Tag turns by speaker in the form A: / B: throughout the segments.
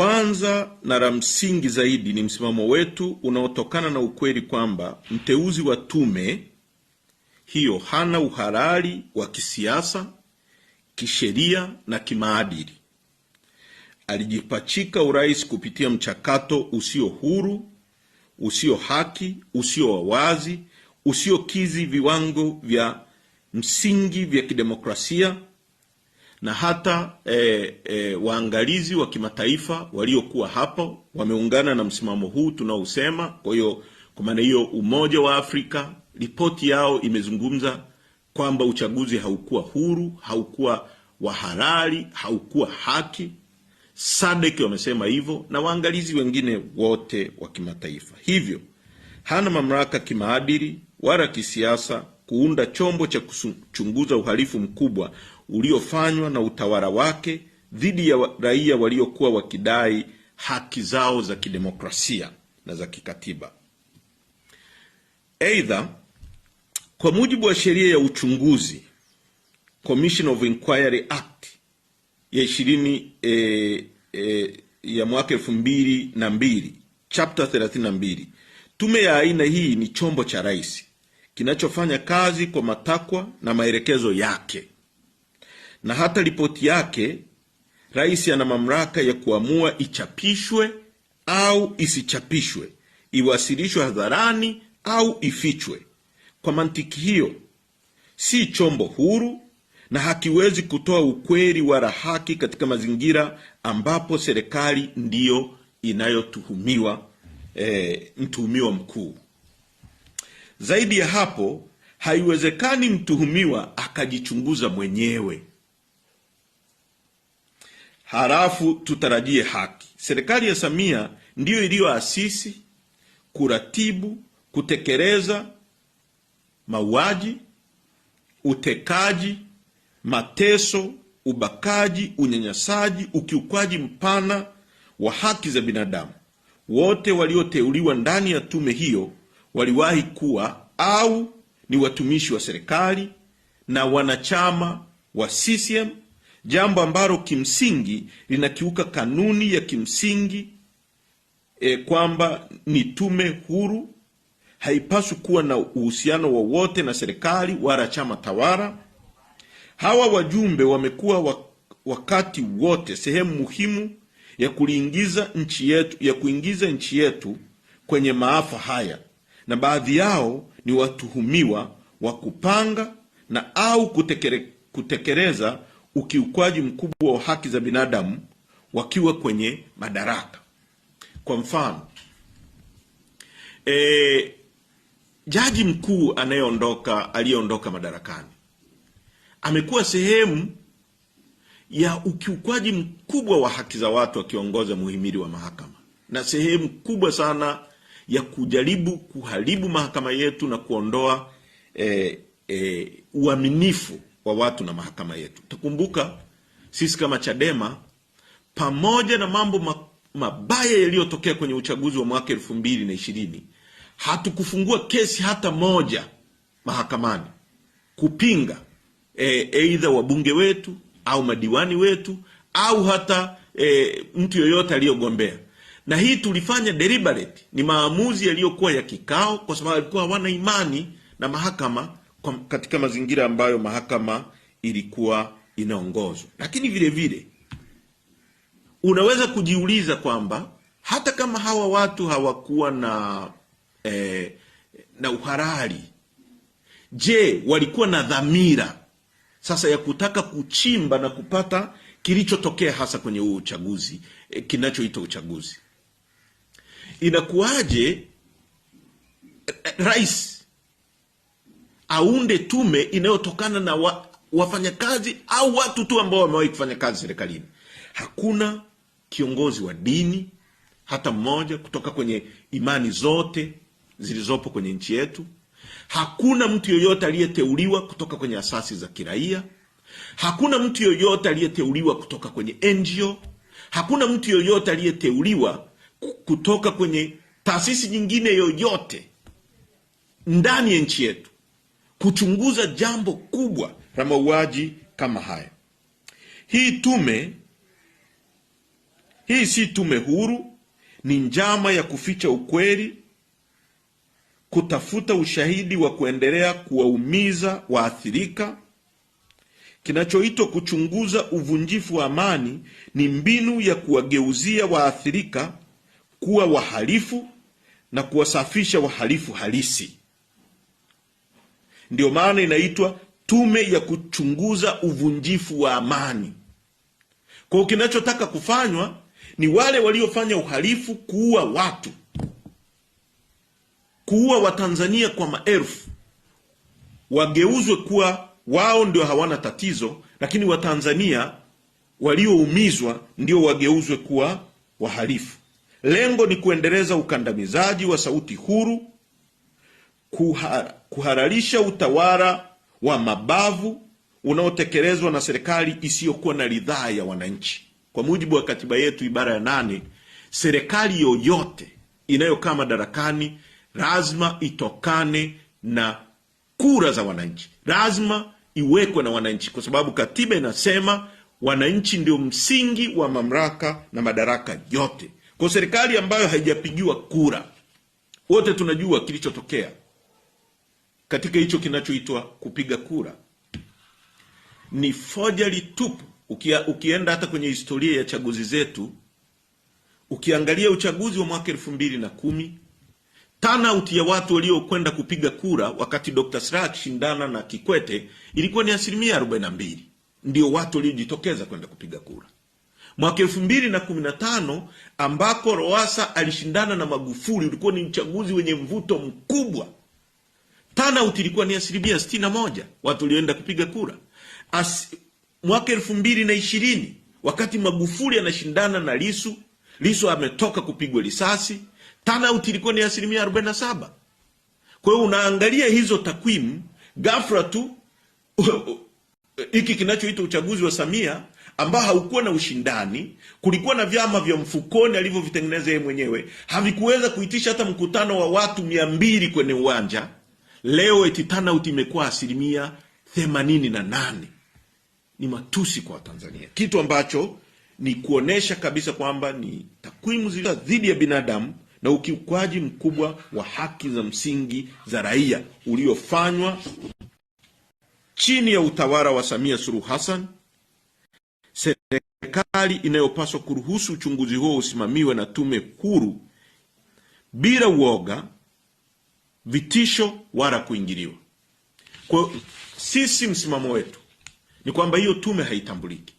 A: kwanza na la msingi zaidi ni msimamo wetu unaotokana na ukweli kwamba mteuzi wa tume hiyo hana uhalali wa kisiasa, kisheria na kimaadili. Alijipachika urais kupitia mchakato usio huru, usio haki, usio wa wazi, kizi viwango vya msingi vya kidemokrasia na hata e, e, waangalizi wa kimataifa waliokuwa hapo wameungana na msimamo huu tunaousema. Kwa hiyo kwa maana hiyo, Umoja wa Afrika ripoti yao imezungumza kwamba uchaguzi haukuwa huru, haukuwa wa halali, haukuwa haki. SADC wamesema hivyo na waangalizi wengine wote wa kimataifa. Hivyo hana mamlaka kimaadili wala kisiasa kuunda chombo cha kuchunguza uhalifu mkubwa uliofanywa na utawala wake dhidi ya raia waliokuwa wakidai haki zao za kidemokrasia na za kikatiba. Aidha, kwa mujibu wa sheria ya uchunguzi Commission of Inquiry Act ya ishirini eh, eh, ya mwaka elfu mbili na mbili chapter 32, tume ya aina hii ni chombo cha rais kinachofanya kazi kwa matakwa na maelekezo yake na hata ripoti yake rais ana mamlaka ya kuamua ichapishwe au isichapishwe, iwasilishwe hadharani au ifichwe. Kwa mantiki hiyo, si chombo huru na hakiwezi kutoa ukweli wala haki katika mazingira ambapo serikali ndiyo inayotuhumiwa e, mtuhumiwa mkuu. Zaidi ya hapo, haiwezekani mtuhumiwa akajichunguza mwenyewe halafu tutarajie haki. Serikali ya Samia ndiyo iliyoasisi, kuratibu, kutekeleza mauaji, utekaji, mateso, ubakaji, unyanyasaji, ukiukwaji mpana wa haki za binadamu. Wote walioteuliwa ndani ya tume hiyo waliwahi kuwa au ni watumishi wa serikali na wanachama wa CCM jambo ambalo kimsingi linakiuka kanuni ya kimsingi e, kwamba ni tume huru, haipaswi kuwa na uhusiano wowote na serikali wala chama tawala. Hawa wajumbe wamekuwa wakati wote sehemu muhimu ya nchi yetu ya kuingiza nchi yetu kwenye maafa haya, na baadhi yao ni watuhumiwa wa kupanga na au kutekere, kutekeleza ukiukwaji mkubwa wa haki za binadamu wakiwa kwenye madaraka. Kwa mfano e, jaji mkuu anayeondoka aliyeondoka madarakani amekuwa sehemu ya ukiukwaji mkubwa wa haki za watu akiongoza muhimili wa mahakama na sehemu kubwa sana ya kujaribu kuharibu mahakama yetu na kuondoa e, e, uaminifu wa watu na mahakama yetu. takumbuka sisi kama Chadema, pamoja na mambo mabaya yaliyotokea kwenye uchaguzi wa mwaka elfu mbili na ishirini, hatukufungua kesi hata moja mahakamani kupinga aidha e, wabunge wetu au madiwani wetu au hata e, mtu yoyote aliyogombea. Na hii tulifanya deliberate, ni maamuzi yaliyokuwa ya kikao, kwa sababu alikuwa hawana imani na mahakama katika mazingira ambayo mahakama ilikuwa inaongozwa. Lakini vile vile unaweza kujiuliza kwamba hata kama hawa watu hawakuwa na eh, na uharari je, walikuwa na dhamira sasa ya kutaka kuchimba na kupata kilichotokea hasa kwenye huo uchaguzi eh, kinachoitwa uchaguzi? Inakuwaje eh, rais aunde tume inayotokana na wa, wafanyakazi au watu tu ambao wamewahi kufanya kazi serikalini. Hakuna kiongozi wa dini hata mmoja kutoka kwenye imani zote zilizopo kwenye nchi yetu. Hakuna mtu yoyote aliyeteuliwa kutoka kwenye asasi za kiraia. Hakuna mtu yoyote aliyeteuliwa kutoka kwenye NGO. Hakuna mtu yoyote aliyeteuliwa kutoka kwenye taasisi nyingine yoyote ndani ya nchi yetu kuchunguza jambo kubwa la mauaji kama haya. Hii tume hii si tume huru, ni njama ya kuficha ukweli, kutafuta ushahidi wa kuendelea kuwaumiza waathirika. Kinachoitwa kuchunguza uvunjifu wa amani ni mbinu ya kuwageuzia waathirika kuwa wahalifu na kuwasafisha wahalifu halisi. Ndio maana inaitwa tume ya kuchunguza uvunjifu wa amani. Kwa hiyo kinachotaka kufanywa ni wale waliofanya uhalifu, kuua watu, kuua Watanzania kwa maelfu, wageuzwe kuwa wao ndio hawana tatizo, lakini Watanzania walioumizwa ndio wageuzwe kuwa wahalifu. Lengo ni kuendeleza ukandamizaji wa sauti huru kuhara, kuhararisha utawala wa mabavu unaotekelezwa na serikali isiyokuwa na ridhaa ya wananchi. Kwa mujibu wa katiba yetu ibara ya nane, serikali yoyote inayokaa madarakani lazima itokane na kura za wananchi, lazima iwekwe na wananchi, kwa sababu katiba inasema wananchi ndio msingi wa mamlaka na madaraka yote. Kwa serikali ambayo haijapigiwa kura, wote tunajua kilichotokea katika hicho kinachoitwa kupiga kura ni fojali tupu. Ukia, ukienda hata kwenye historia ya chaguzi zetu ukiangalia uchaguzi wa mwaka elfu mbili na kumi turnout ya watu waliokwenda kupiga kura wakati Dr. Slaa akishindana na Kikwete ilikuwa ni asilimia arobaini na mbili ndio watu waliojitokeza kwenda kupiga kura. Mwaka elfu mbili na kumi na tano ambako Lowassa alishindana na Magufuli ulikuwa ni uchaguzi wenye mvuto mkubwa turnout ilikuwa ni asilimia sitini na moja watu walioenda kupiga kura. As, mwaka elfu mbili na ishirini wakati Magufuli anashindana na Lisu, Lisu ametoka kupigwa risasi, turnout ilikuwa ni asilimia arobaini na saba. Kwa hiyo unaangalia hizo takwimu ghafla tu hiki kinachoitwa uchaguzi wa Samia ambao haukuwa na ushindani, kulikuwa na vyama vya mfukoni alivyovitengeneza yeye mwenyewe, havikuweza kuitisha hata mkutano wa watu mia mbili kwenye uwanja Leo eti turnout imekuwa asilimia themanini na nane. Ni matusi kwa Tanzania, kitu ambacho ni kuonesha kabisa kwamba ni takwimu zilizo dhidi ya binadamu na ukiukwaji mkubwa wa haki za msingi za raia uliofanywa chini ya utawala wa Samia Suluhu Hassan, serikali inayopaswa kuruhusu uchunguzi huo usimamiwe na tume huru bila uoga vitisho wala kuingiliwa. Kwa sisi msimamo wetu ni kwamba hiyo tume haitambuliki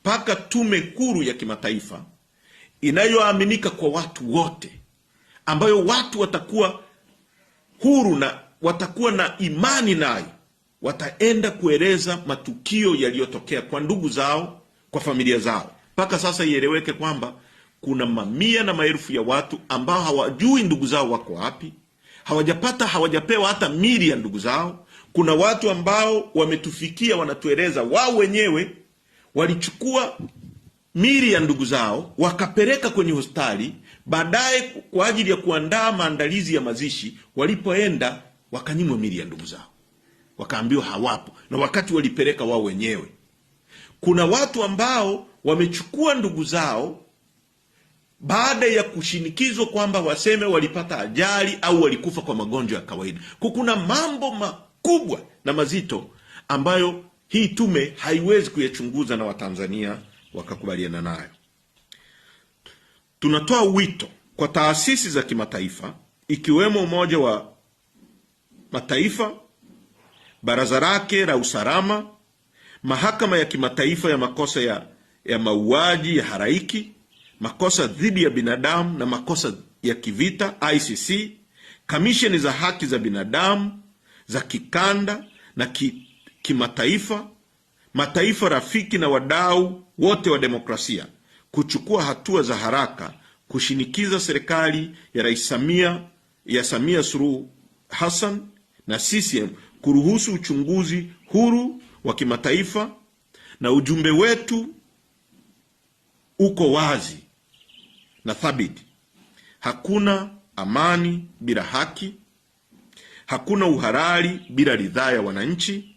A: mpaka tume huru ya kimataifa inayoaminika kwa watu wote, ambayo watu watakuwa huru na watakuwa na imani nayo, wataenda kueleza matukio yaliyotokea kwa ndugu zao, kwa familia zao. Mpaka sasa ieleweke kwamba kuna mamia na maelfu ya watu ambao hawajui ndugu zao wako wapi, hawajapata hawajapewa hata mili ya ndugu zao. Kuna watu ambao wametufikia wanatueleza wao wenyewe walichukua mili ya ndugu zao wakapeleka kwenye hospitali, baadaye kwa ajili ya kuandaa maandalizi ya mazishi, walipoenda wakanyimwa mili ya ndugu zao, wakaambiwa hawapo, na wakati walipeleka wao wenyewe. Kuna watu ambao wamechukua ndugu zao baada ya kushinikizwa kwamba waseme walipata ajali au walikufa kwa magonjwa ya kawaida. Kuna mambo makubwa na mazito ambayo hii tume haiwezi kuyachunguza na Watanzania wakakubaliana nayo. Tunatoa wito kwa taasisi za kimataifa ikiwemo Umoja wa Mataifa, Baraza lake la Usalama, Mahakama ya Kimataifa ya Makosa ya, ya Mauaji ya haraiki makosa dhidi ya binadamu na makosa ya kivita ICC, kamisheni za haki za binadamu za kikanda na ki, kimataifa, mataifa rafiki na wadau wote wa demokrasia kuchukua hatua za haraka kushinikiza serikali ya Rais Samia ya Samia Suluhu Hassan na CCM kuruhusu uchunguzi huru wa kimataifa, na ujumbe wetu uko wazi na thabiti. Hakuna amani bila haki, hakuna uhalali bila ridhaa ya wananchi,